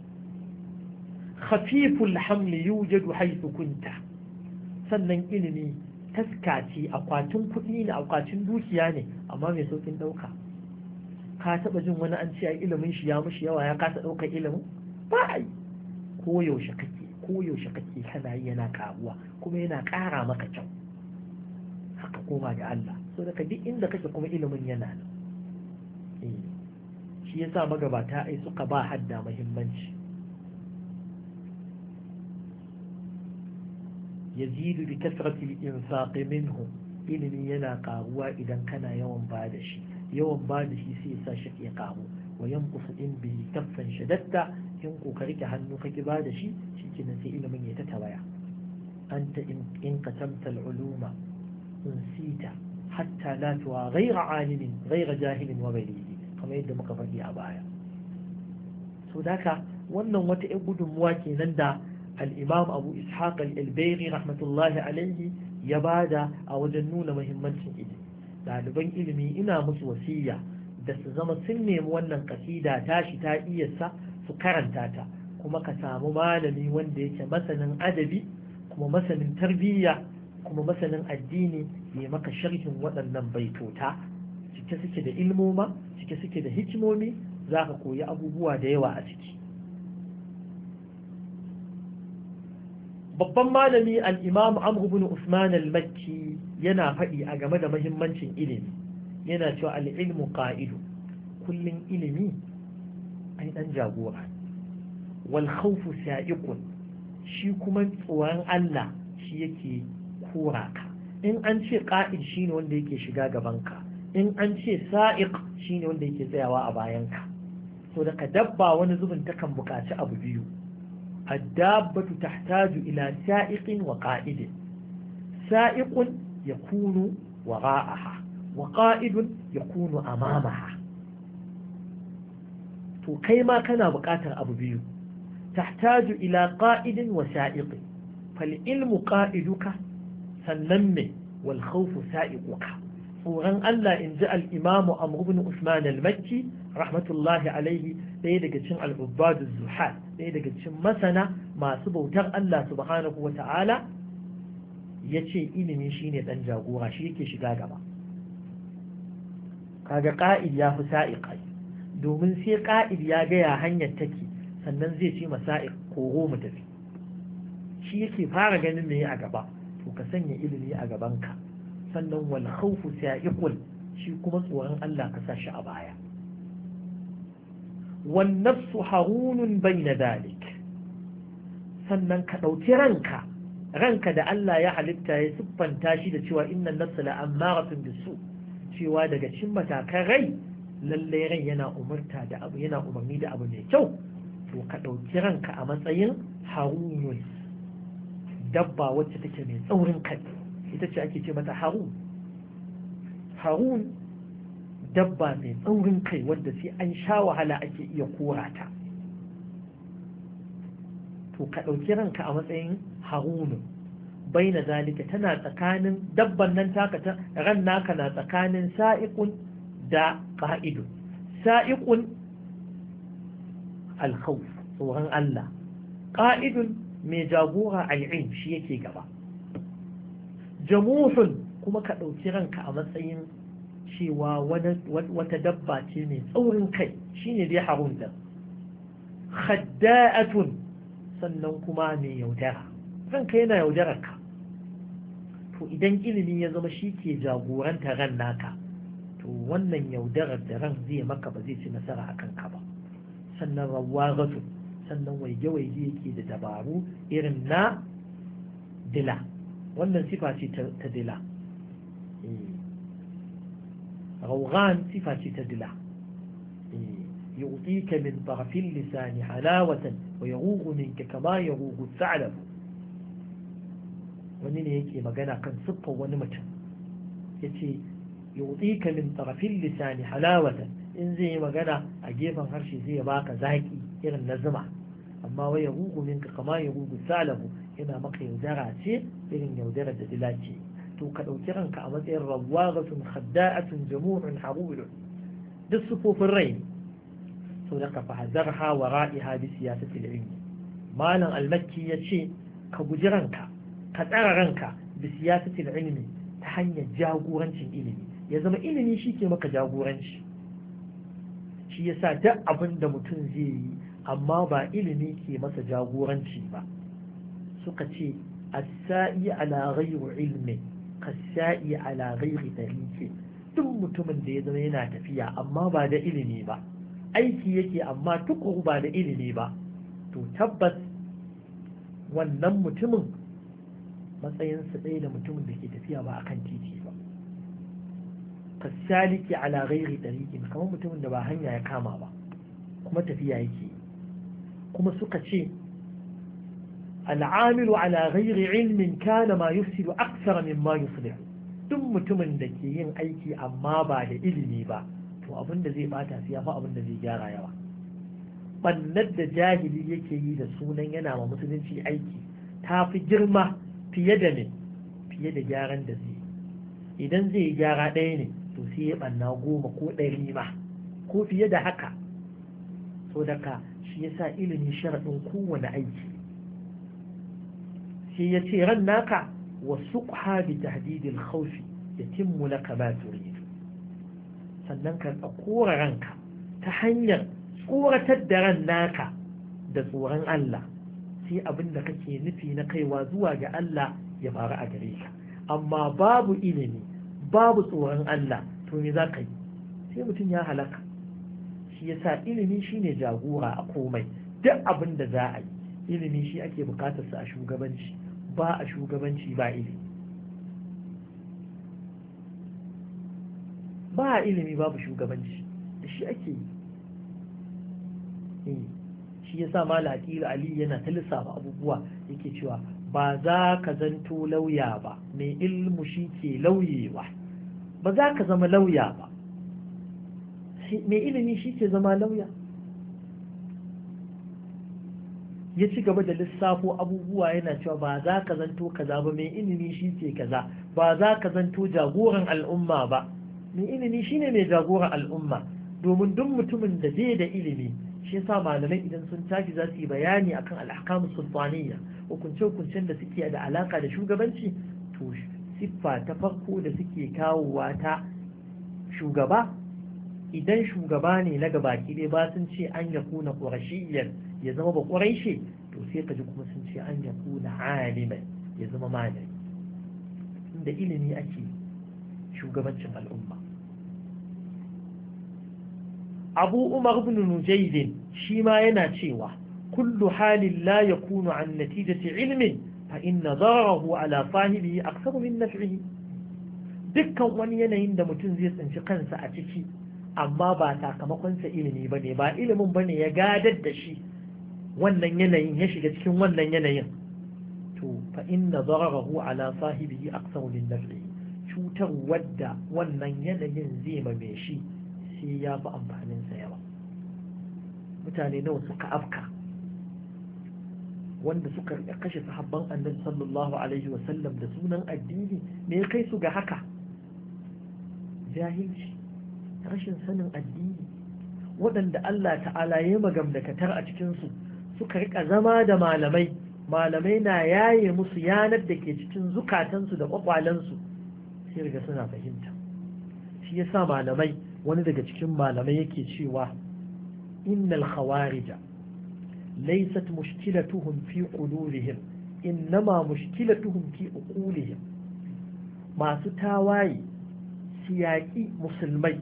khafiful haml yujadu haythu kunta sannan ilimi taska ce akwatin kuɗi ne akwatin dukiya ne amma mai saukin ɗauka ka taɓa jin wani an ce a ilimin shi ya mushi yawa ya kasa ɗaukar ilimin ba a yi koyaushe kake koyaushe kake kana yi yana karuwa kuma yana ƙara maka kyau haka koma ga Allah so daga duk inda kake kuma ilimin yana nan eh, shi yasa magabata ai suka ba hadda muhimmanci yazidu bi kasratil infaqi minhu ilimi yana karuwa idan kana yawan ba da shi yawan ba da shi sai sa shi ya karu wa yanqusu in bi kafan shadatta in ko ka hannu ka ba da shi shi ke sai ilimin ya ta tawaya an ta in ka tamtal uluma in sita hatta la tuwa ghaira alimin ghaira jahilin wa ghairihi kamar yadda muka faɗi a baya so daka wannan wata ƴan gudunmuwa kenan da al-imam abu ishaq al-albayri rahmatullahi alaihi ya bada a wajen nuna muhimmancin ilimi ɗaliban ilimi ina musu wasiya da su zama sun nemi wannan kasida tashi ta sa su karanta ta kuma ka samu malami wanda yake masanin adabi kuma masanin tarbiyya kuma masanin addini ya maka sharhin waɗannan baitota cike suke da ilmoma cike suke da hikimomi za ka koyi abubuwa da yawa a ciki babban malami Al'imam amru bin usman al-makki yana faɗi a game da mahimmancin ilimi yana cewa al'ilmu ka'idu kullum ilimi ai dan jagora wal khawfu sa'iqun shi kuma tsoron Allah shi yake kora ka in an ce qa'id shine wanda yake shiga gaban ka in an ce sa'iq shine wanda yake tsayawa a bayan ka to daga dabba wani zubin takan buƙaci abu biyu الدابة تحتاج إلى سائق وقائد سائق يكون وراءها وقائد يكون أمامها to kai ma kana buƙatar abu biyu tahtaju ila qa'idin wa sa'iqi fal ilmu qa'iduka sannan me wal khawfu sa'iquka tsoron Allah in ji al-imamu Amr ibn Usman al-Makki rahmatullahi alaihi ɗaya daga cikin al-ubbadu zuhal ɗaya daga cikin masana masu bautar Allah subhanahu wa ta'ala yace ilimi shine dan jagora shi yake shiga gaba kaga qa'id ya fi sa'iqai domin sai ƙa'id ya gaya hanyar take sannan zai ce masa'ir koro mu tafi shi yake fara ganin me a gaba to ka sanya ilimi a gabanka sannan wal sai sa'iqul shi kuma tsoron Allah ka sa shi a baya wan nafsu harunun na dalik sannan ka ɗauki ranka ranka da Allah ya halitta ya siffanta shi da cewa innan nafsa la ammaratun bisu cewa daga cikin matakan rai lalle ran yana umarta da abu yana umarni da abu mai kyau to ka ɗauki ranka a matsayin harunun dabba wacce take mai tsaurin kai ita ce ake ce mata harun harun dabba mai tsaurin kai wadda sai an sha wahala ake iya kora ta to ka ɗauki ranka a matsayin harunun bai na zalika tana tsakanin dabban nan taka ran naka na tsakanin sa'iƙun da ƙa'idu sa'iƙun alkhawf tsoron Allah ƙa'idun mai jagora al'in shi yake gaba jamuhun kuma ka ɗauki ranka a matsayin cewa wata dabba ce mai tsaurin kai shine dai harun da khadda'atun sannan kuma mai yaudara ranka yana yaudararka to idan ilimi ya zama shi ke jagoranta ran naka to wannan yaudarar da ran zai maka ba zai ci nasara a kanka ba sannan rawagatu sannan waige-waige yake da dabaru irin na dila wannan sifa ce ta dila eh. rawgan sifa ce ta dila يعطيك من ضعف اللسان حلاوة ويغوغ منك كما يغوغ الثعلب wani ne yake magana kan siffar wani mutum yu'tika min tarafil lisani halawatan in zai yi magana a gefen harshe zai baka zaki irin na zuma amma wai yagugu minka kama yagugu salahu yana maka yaudara ce irin yaudara da dila ce to ka ɗauki ranka a matsayin rawwagatun khadda'atun jamu'un harurun duk sufofin rai so da ka fahazar ha wa ra'iha bi siyasati ilmi malam almakki ya ce ka guji ranka ka tsara ranka bi siyasati ilmi ta hanyar jagorancin ilimi ya zama ilimi shi ke maka jagoranci shi ya sa duk abin da mutum zai yi amma ba ilimi ke masa jagoranci ba suka ce a sai ala ghairu ilmi ka sai ala ghairu duk mutumin da ya zama yana tafiya amma ba da ilimi ba aiki yake amma tukuru ba da ilimi ba to tabbas wannan mutumin matsayinsa ɗaya da mutumin da ke tafiya ba a kan titi kasaliki ala ghairi tariqin kamar mutumin da ba hanya ya kama ba kuma tafiya yake kuma suka ce al'amilu ala ghairi ilmin kana ma yufsidu akthara mimma yuslih duk mutumin da ke yin aiki amma ba da ilimi ba to abin da zai bata su yafi abin da zai gyara yawa bannar da jahili yake yi da sunan yana ma musulunci aiki ta fi girma fiye da ne fiye da gyaran da zai idan zai gyara ɗaya ne to sai ya banna goma ko ɗari ma ko fiye da haka so daga shi yasa ilimi sharaɗin kowane aiki sai ya ce ran naka wasu bi tahdidil khawfi ya laka ma turidu sannan ka kora ranka ta hanyar tsoratar da ran naka da tsoron Allah sai abin da kake nufi na kaiwa zuwa ga Allah ya faru a gare ka amma babu ilimi babu tsoron Allah to me za ka yi sai mutum ya halaka shi yasa ilimi shine jagora a komai duk abin da za a yi ilimi shi ake sa a shugabanci ba a shugabanci ba ilimi ba ilimi babu shugabanci da shi ake yi eh, shi yasa malaki ali yana ta lissafa abubuwa yake cewa ba za ka zanto lauya ba mai ilmu shi ke lauyewa ba za ka zama lauya ba mai ilimi shi ke zama lauya ya ci gaba da lissafo abubuwa yana cewa ba za ka zanto kaza ba mai ilimi shi ke kaza ba za ka zanto jagoran al'umma ba mai ilimi shi ne mai jagoran al'umma domin duk mutumin da bai da ilimi shi sa malamai idan sun tashi za su yi bayani akan al'akamu sultaniya hukunce-hukuncen da suke da alaka da shugabanci to siffa ta farko da suke kawowa ta shugaba idan shugaba ne na gabaki dai ba sun ce an ya kuna ƙurashiyyar ya zama ba ƙurashe to sai ka ji kuma sun ce an ya kuna alimai ya zama malami inda ilimi ake shugabancin al'umma abu umar ibn nujaydin shi ma yana cewa kullu halin la yakunu an natijati ilmin fa inna darahu ala sahibi aksaru min dukkan wani yanayin da mutum zai tsinci kansa a ciki amma ba sakamakonsa ilimi ba ne ba ilimin ba ne ya gadar da shi wannan yanayin ya shiga cikin wannan yanayin to fa inna dararahu ala sahibihi aksaru min naf'i cutar wadda wannan yanayin zai mame shi sai ya fi amfanin sa yawa mutane nawa suka afka wanda suka kashe sahabban annabi sallallahu alaihi wasallam da sunan addini me ya kai su ga haka jahilci rashin sanin addini waɗanda Allah ta'ala ya magamdakatar a cikinsu suka rika zama da malamai malamai na yaye musu yanar da ke cikin zukatansu da kwakwalensu sai riga suna fahimta shi yasa malamai wani daga cikin malamai yake cewa innal khawarija laysat mushkilatuhum fi qulubihim innama mushkilatuhum fi uqulihim masu tawaye siyaƙi musulmai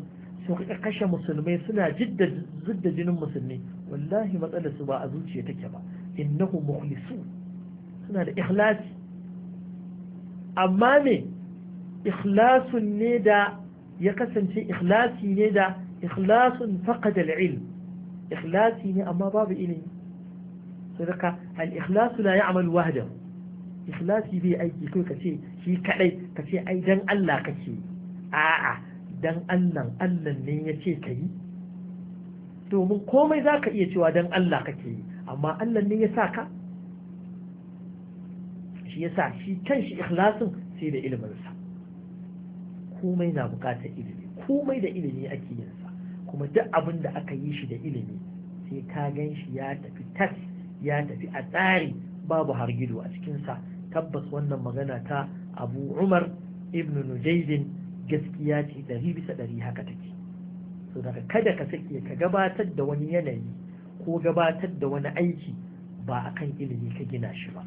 su kashe musulmai suna jidda musulmi wallahi matsalar su ba a zuciya take ba innahu mukhlisun suna da ikhlasi amma me ikhlasun ne da ya kasance ikhlasi ne da ikhlasun faqad al-ilm ikhlasi ne amma babu ilimi sadaka al-ikhlasu la ya'mal wahda ikhlasi bai aiki ko kace shi kadai kace ai dan Allah kace a'a dan Allah Allah ne yace kai domin komai zaka iya cewa dan Allah kake yi amma Allah ne ya sa ka shi ya sa shi kan shi ikhlasin sai da sa komai na bukatar ilimi komai da ilimi ake yinsa kuma duk abin da aka yi shi da ilimi sai ka gan shi ya tafi tas ya tafi a tsari babu hargido a cikinsa tabbas wannan magana ta abu umar ibn nujaidin gaskiya ce ɗari bisa ɗari haka take so daga kada ka sake ka gabatar da wani yanayi ko gabatar da wani aiki ba akan ilimi ka gina shi ba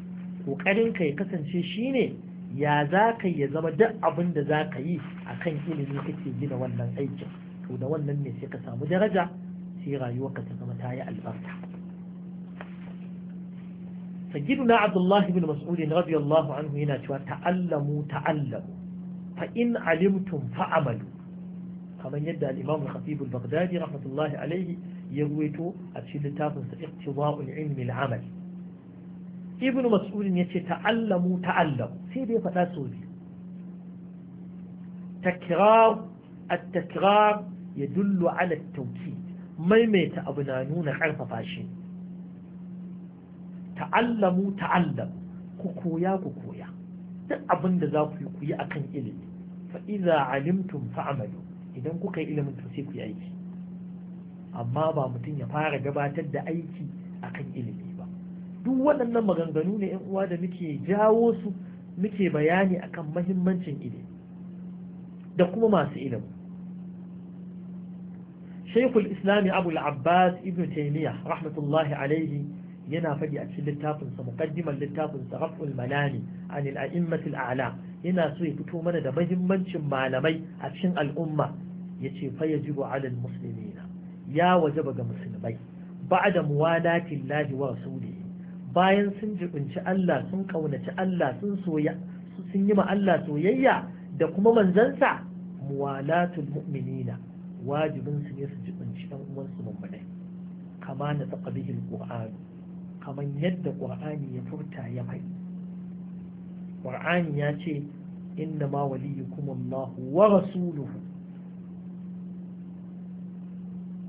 ƙoƙarin ka ya kasance shine ya za ka ya zama duk abin da za ka yi akan ilimi kake gina wannan aikin to da wannan ne sai ka samu daraja sai rayuwarka ta zama ta yi albarka سيدنا عبد الله بن مسعود رضي الله عنه هنا تعلموا تعلموا فإن علمتم فعملوا كما يدعى الإمام الخطيب البغدادي رحمة الله عليه يرويته أرشد تافنس اقتضاء العلم العمل ابن مسعود يتي تعلموا تعلموا سيدي فتا سوري تكرار التكرار يدل على التوكيد ما يميت أبنانون حرف فاشين ta'allamu ta'allam ku koya ku koya duk abin da za ku yi ku yi akan ilimi fa idza alimtum idan kuka yi ilimin to sai ku yi aiki amma ba mutum ya fara gabatar da aiki akan ilimi ba duk waɗannan maganganu ne yan uwa da muke jawo su muke bayani akan mahimmancin ilimi da kuma masu ilimi shaykhul islami abul abbas ibn taymiya rahmatullahi alaihi yana faɗi a cikin littafinsa muqaddimar littafinsa raf'ul manani an al-a'immatil a'la yana so ya fito mana da mahimmancin malamai a cikin al'umma yace fa yajibu 'ala al-muslimina ya wajaba ga musulmai ba'da muwalati Allah wa rasulihi bayan sun jibinci Allah sun kaunaci Allah sun soya sun yi ma Allah soyayya da kuma manzansa muwalatul mu'minina wajibin su ne su jibinci ɗan uwansu mummunai kama na taɓa bihin kamar yadda ƙur'ani ya furta ya mai, ƙur'ani ya ce inna ma waliyukum Allah wa rasuluhu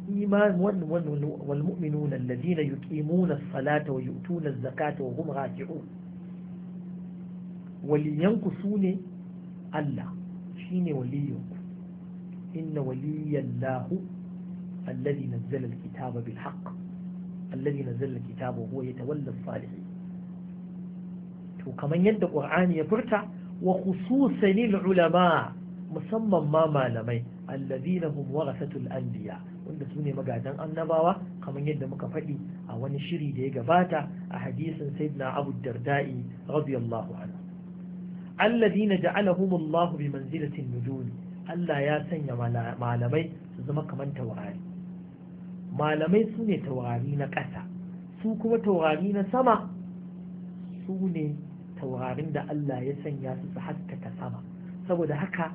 iman wal na alladhina yuqimuna as-salata wa yu'tuna az-zakata wa hum raki'un waliyanku sune Allah shine waliyanku inna waliyallahu alladhi nazzala al-kitaba bil haqq allazi nazzala kitaba huwa yatawalla salihin to kaman yadda qur'ani ya furta wa khususan lil ulama musamman ma malamai allazina hum warasatul anbiya wanda sune magadan annabawa kamar yadda muka faɗi a wani shiri da ya gabata a hadisin sayyidina abu darda'i radiyallahu anhu allazina ja'alahumullahu bi manzilatin nujumi Allah ya sanya malamai su zama kamar taurari malamai su ne taurari na ƙasa su kuma taurari na sama su ne taurarin da Allah ya sanya su su haskaka sama saboda haka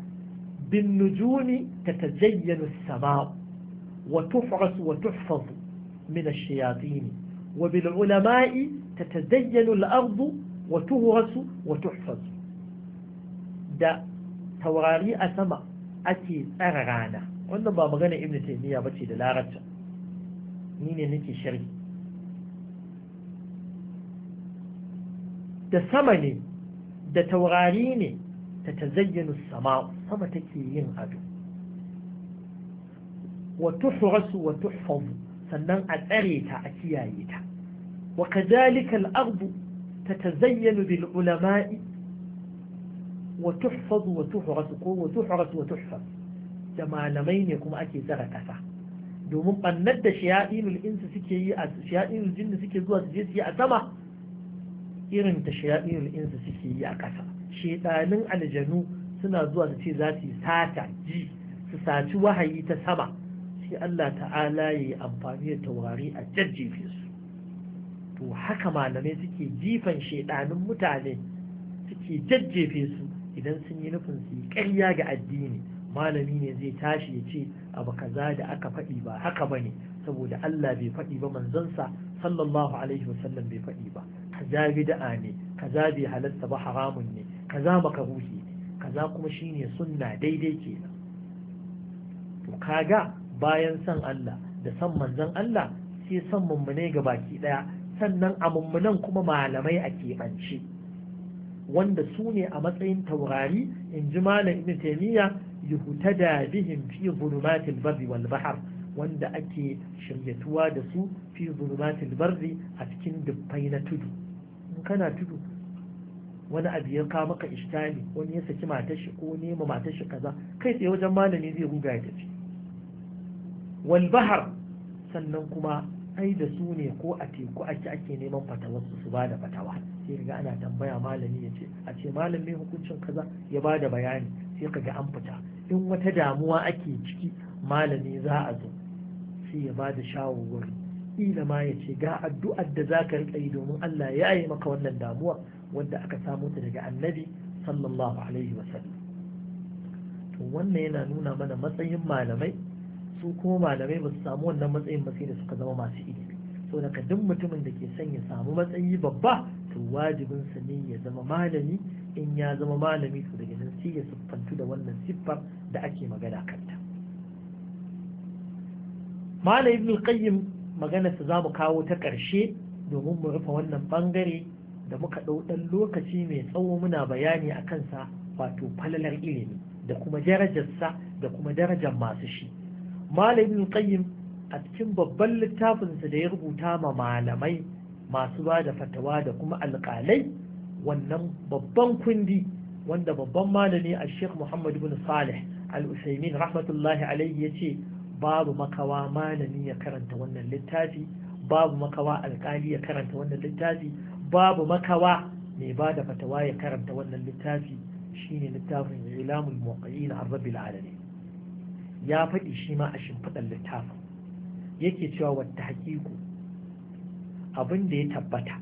bin nujumi ta tajayyanu sama wa tufras wa tuhfaz min ash wa bil ulama'i tatadayyanu al-ardu wa tuhrasu wa tuhfaz da taurari a sama ake tsara rana wannan ba magana ibn taymiya bace da larabci ni ne nake shari da sama ne da taurari ne ta tazayyanu sama sama take yin ado wa tuhrasu wa tuhfazu sannan a tsare ta a kiyaye ta wa kadhalika al-ardu tatazayyanu bil ulama'i wa tuhfazu wa tuhrasu ko wa tuhrasu wa tuhfaz da malamai ne kuma ake tsara kasa domin bannar da shayaɗinul insu suke yi a shayaɗinul jinni suke zuwa su je su yi a sama irin ta shayaɗinul insu suke yi a ƙasa shaiɗanin aljanu suna zuwa su ce za su yi sata ji su saci wahayi ta sama sai Allah ta'ala ya yi amfani da taurari a jajjefe su to haka malamai suke jifan shaiɗanin mutane suke jajjefe su idan sun yi nufin su yi ƙarya ga addini malami ne zai tashi ya ce abu kaza da aka faɗi ba haka bane saboda Allah bai faɗi ba manzansa sallallahu alaihi wasallam bai faɗi ba kaza bid'a ne kaza bai halatta ba haramun ne kaza maka ne kaza kuma shine sunna daidai kenan to kaga bayan san Allah da san manzon Allah sai san mummune ga baki daya sannan a mummunan kuma malamai a keɓance wanda su ne a matsayin taurari in ji malam ibn taymiya yuhtada bihim fi zulumatil barri wal bahr wanda ake shiryatuwa da su fi zulumatil barri a cikin dubbai na tudu in kana tudu wani abu ya kawo maka ishtali wani ya saki matar shi ko nema matar shi kaza kai tsaye wajen malami zai ruga ya tafi wal bahar sannan kuma ai da su ne ko a teku ake ake neman fatawar su bada fatawa sai riga ana tambaya malami ya ce a ce malami hukuncin kaza ya bada bayani sai ka ga an fita in wata damuwa ake ciki malami za a zo sai ya ba da shawarwari ila ma ya ce ga addu'ar da za ka riƙa yi domin Allah ya yi maka wannan damuwa wadda aka samu ta daga annabi sallallahu alaihi wasallam to wannan yana nuna mana matsayin malamai su kuma malamai ba su samu wannan matsayin ba sai da suka zama masu ilimi so daga duk mutumin da ke son ya samu matsayi babba to wajibinsa ne ya zama malami in ya zama malami su da nan si ya siffantu da wannan siffar da ake magana kanta malam ibn qayyim magana su mu kawo ta ƙarshe domin mu rufe wannan bangare da muka ɗau ɗan lokaci mai tsawo muna bayani a kansa wato falalar ilimi da kuma darajarsa da kuma darajar masu shi malam ibn qayyim a cikin babban littafinsa da ya rubuta ma malamai masu ba da fatawa da kuma alƙalai wannan babban kundi wanda babban malami a sheikh muhammad ibn salih al-usaimin rahmatullahi alaihi ya ce babu makawa malami ya karanta wannan littafi babu makawa alkali ya karanta wannan littafi babu makawa mai ba da fatawa ya karanta wannan littafi shine littafin ilamul muqayyin an rabbi alamin ya faɗi shi ma a shimfiɗar littafin yake cewa wata hakiku abin da ya tabbata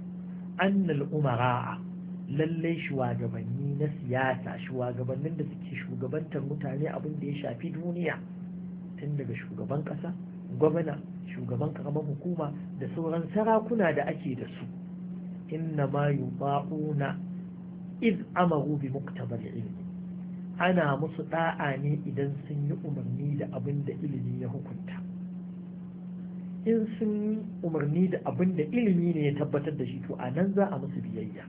annal umara'a lallai shugabanni na siyasa shugabannin da suke shugabantar mutane abin da ya shafi duniya tun daga shugaban ƙasa gwamna shugaban karamar hukuma da sauran sarakuna da ake da su inna ma ba'una iz amaru bi muktabar ilmi ana musu da'a ne idan sun yi umarni da abin da ilimi ya hukunta in sun yi umarni da abin da ilimi ne ya tabbatar da shi to a nan za a musu biyayya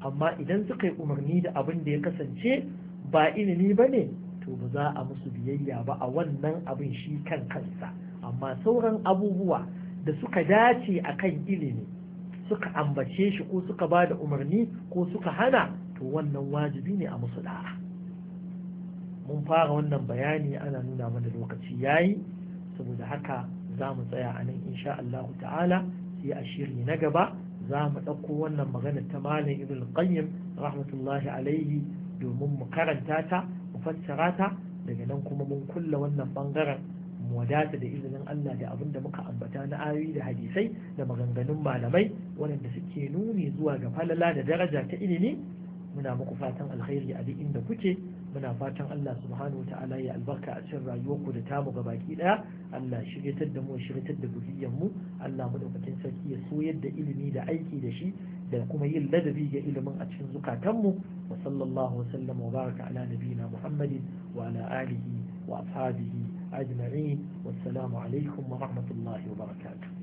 amma idan suka yi umarni da abin da ya kasance ba ilimi ba ne to ba za a musu biyayya ba a wannan abin shi kan kansa amma sauran abubuwa da suka dace a kan ilimi suka ambace shi ko suka ba da umarni ko suka hana to wannan wajibi ne a musu da'a mun fara wannan bayani ana nuna mana lokaci yayi saboda haka za mu tsaya a nan insha Allah ta'ala sai a shiri na gaba za mu ɗauko wannan magana ta malam ibn qayyim rahmatullahi alaihi domin mu karanta ta mu fassara ta daga nan kuma mun kulla wannan bangaren mu wadata da izinin Allah da abin da muka ambata na ayoyi da hadisai da maganganun malamai waɗanda suke nuni zuwa ga falala da daraja ta ilimi muna muku fatan alkhairi a duk inda kuke muna fatan Allah subhanahu ta'ala ya albarka a cikin rayuwarku da tamu ga baki daya Allah shiryatar da mu shiryatar da zuriyar mu Allah madaukakin sarki ya soyar da ilimi da aiki da shi da kuma yin ladabi ga ilimin a cikin zukatanmu wa sallallahu wasallam wa baraka ala nabiyina Muhammadin wa ala alihi wa ashabihi ajma'in wassalamu alaikum wa rahmatullahi wa barakatuh